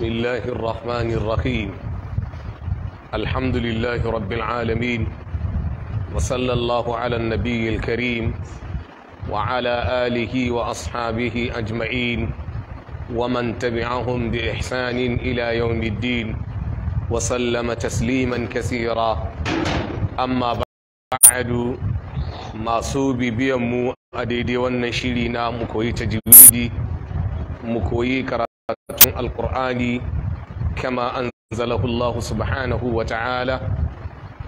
بسم الله الرحمن الرحيم الحمد لله رب العالمين وصلى الله على النبي الكريم وعلى آله وأصحابه أجمعين ومن تبعهم بإحسان إلى يوم الدين وسلم تسليما كثيرا أما بعد ما صوبي بيمو أديدي والنشيري نام كويت جويدي مكوي karatun alkur'ani kama an zalahullahu subhanahu wa ta'ala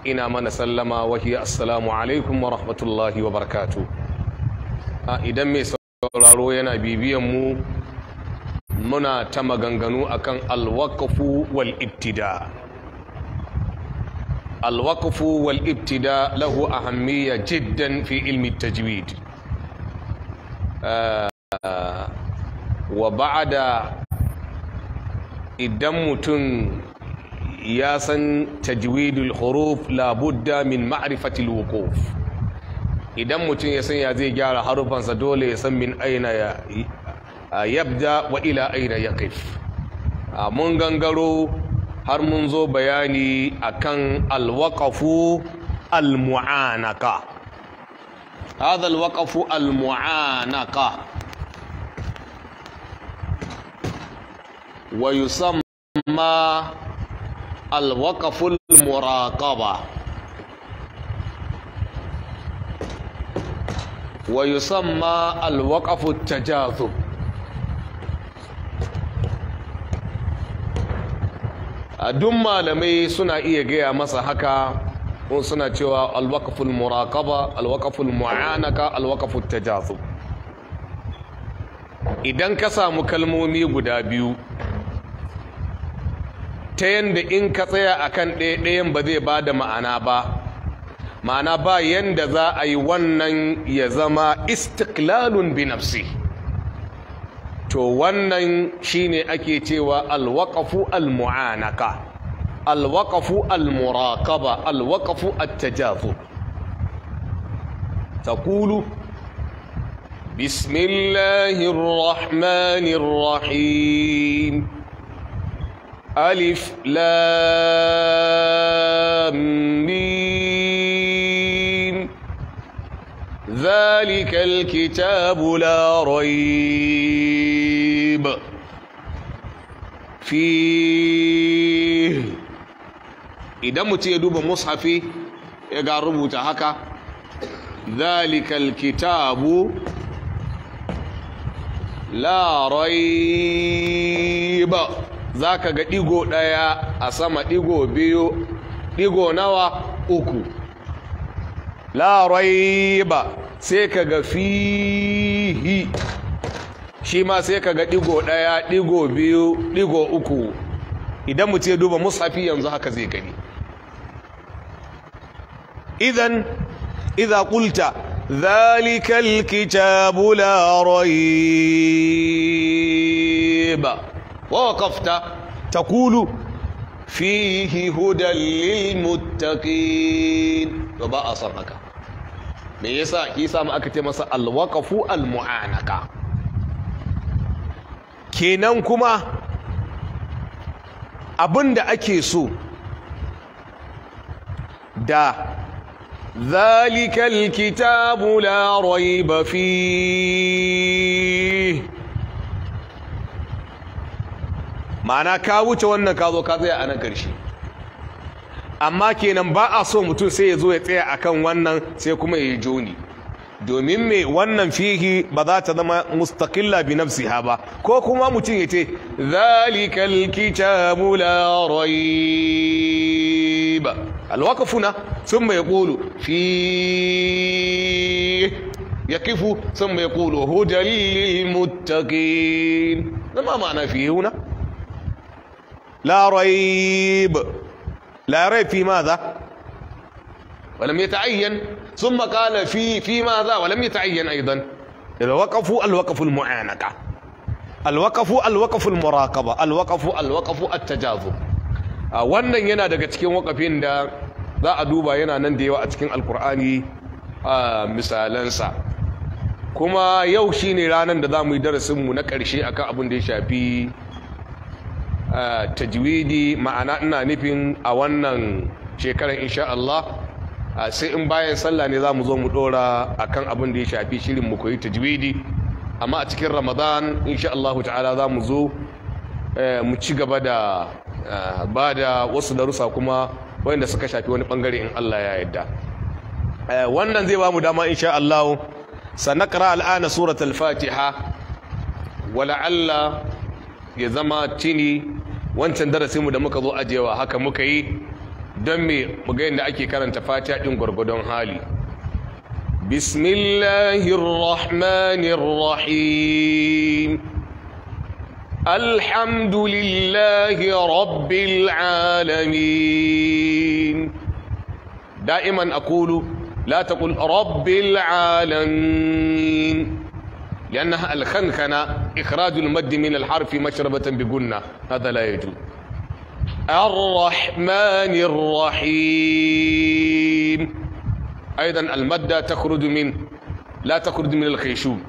ina mana sallama wahi assalamu alaikum wa rahmatullahi wa barkatu a idan mai sauraro yana bibiyan mu muna ta maganganu akan alwakafu wal ibtida alwakafu wal ibtida lahu ahammiya jiddan fi ilmi tajwid wa ba'ada idan mutum ya san tajwidul huruf labudda min ma'rifatil wuquf idan mutum ya san ya zai gyara harufansa dole ya san min aina ya yabda wa ila aina yaqif mun gangaro har mun zo bayani akan alwaqafu almu'anaka hadha alwaqafu almu'anaka ويسمى yusamma alwaqaful muraqaba wa yusamma a duk malamai suna iya gaya masa haka kun suna cewa alwaqaful muraqaba alwaqaful mu'anaka alwaqafut tajazub idan ka samu kalmomi guda biyu ta yanda in ka tsaya akan ɗayan ba zai ba da ma'ana ba ma'ana ba yanda za a yi wannan ya zama istiklalun binafsi, to wannan shine ake cewa alwaqafu almu'anaka alwaqafu almuraqaba alwaqafu Takulu! taqulu بسم الله الرحمن alif lam zalikal kitabu الكتاب idan mutum ya duba mushafi ya ga rubuta haka zalikal kitabu la raiba za ka ga ɗigo ɗaya a sama ɗigo biyu ɗigo nawa uku larai ba sai ka ga fihi shi ma sai ka ga ɗigo ɗaya ɗigo biyu ɗigo uku idan mu ce duba musafi yanzu haka zai gani idan idan qulta zalikal kitabu la ba ووقفت تقول فيه هدى للمتقين to ba a son haka me yasa ki samu aka ce masa alwaqafu almu'anaka kenan kuma abinda ake so da ذلك الكتاب لا ريب فيه ma'ana ka wuce wannan ka zo ka tsaya a nan ƙarshe amma kenan ba a so mutum sai ya zo ya tsaya kan wannan sai kuma ya joni domin me wannan fihi ba za ta zama mustaqilla bi ha ba ko kuma mutum ya ce zalikal kitabu la rayb sun thumma yaqulu fi yaqifu thumma yaqulu hudal lil muttaqin ma ma'ana fihi huna لا ريب لا ريب في ماذا ولم يتعين ثم قال في في ماذا ولم يتعين أيضا الوقف الوقف المعانقة الوقف الوقف المراقبة الوقف الوقف التجاذب wannan yana daga cikin wakafin da za a duba yana nan da yawa a cikin alkur'ani a misalansa kuma yau shine ranar da za mu yi darasinmu na ƙarshe akan abin da ya shafi tajwidi ma'ana ina nufin a wannan shekarar insha Allah sai in bayan sallah ne za mu zo mu dora akan abin da ya shafi shirin mu koyi tajwidi amma a cikin ramadan insha Allah ta'ala za mu zo eh, mu ci gaba da eh, ba da wasu darussa kuma wanda suka shafi wani bangare in Allah ya yarda eh, wannan zai ba mu dama insha Allah sanakra al'ana suratul fatiha wala'alla ya zama cini wancan darasinmu da muka zo ajiyewa haka muka yi don me muga yadda ake karanta fatiha ɗin gwargwadon hali bismillahirrahmanirrahim alhamdulillahi rabbil alamin da'iman akulu la latakul rabbil alamin لأنها الخنخنة إخراج المد من الحرف مشربة بقنة هذا لا يجوز الرحمن الرحيم أيضا المادة تخرج من لا تخرج من الخيشوم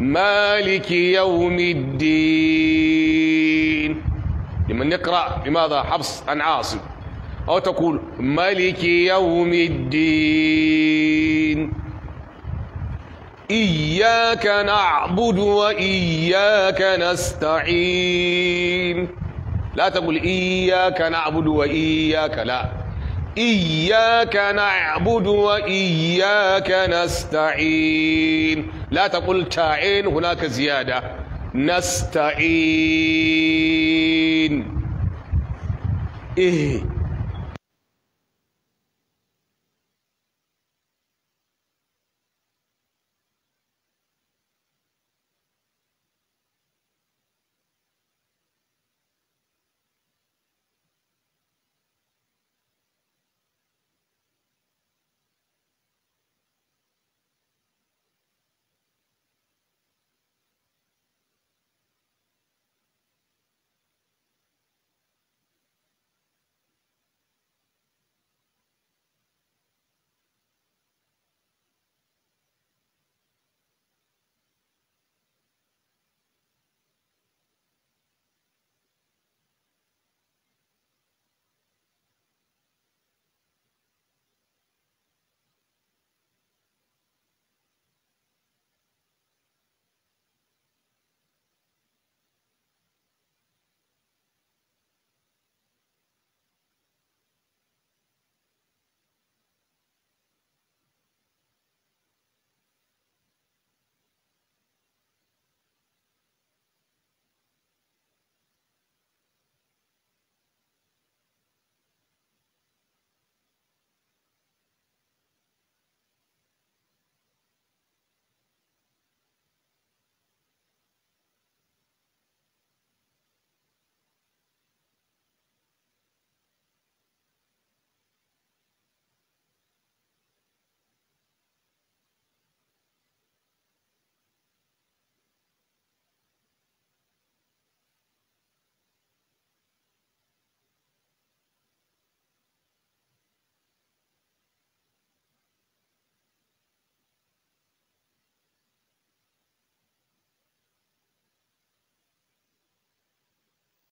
مالك يوم الدين لمن يقرأ لماذا حفص عن عاصم أو تقول مالك يوم الدين إياك نعبد وإياك نستعين لا تقول إياك نعبد وإياك لا إياك نعبد وإياك نستعين لا تقول تعين هناك زيادة نستعين إيه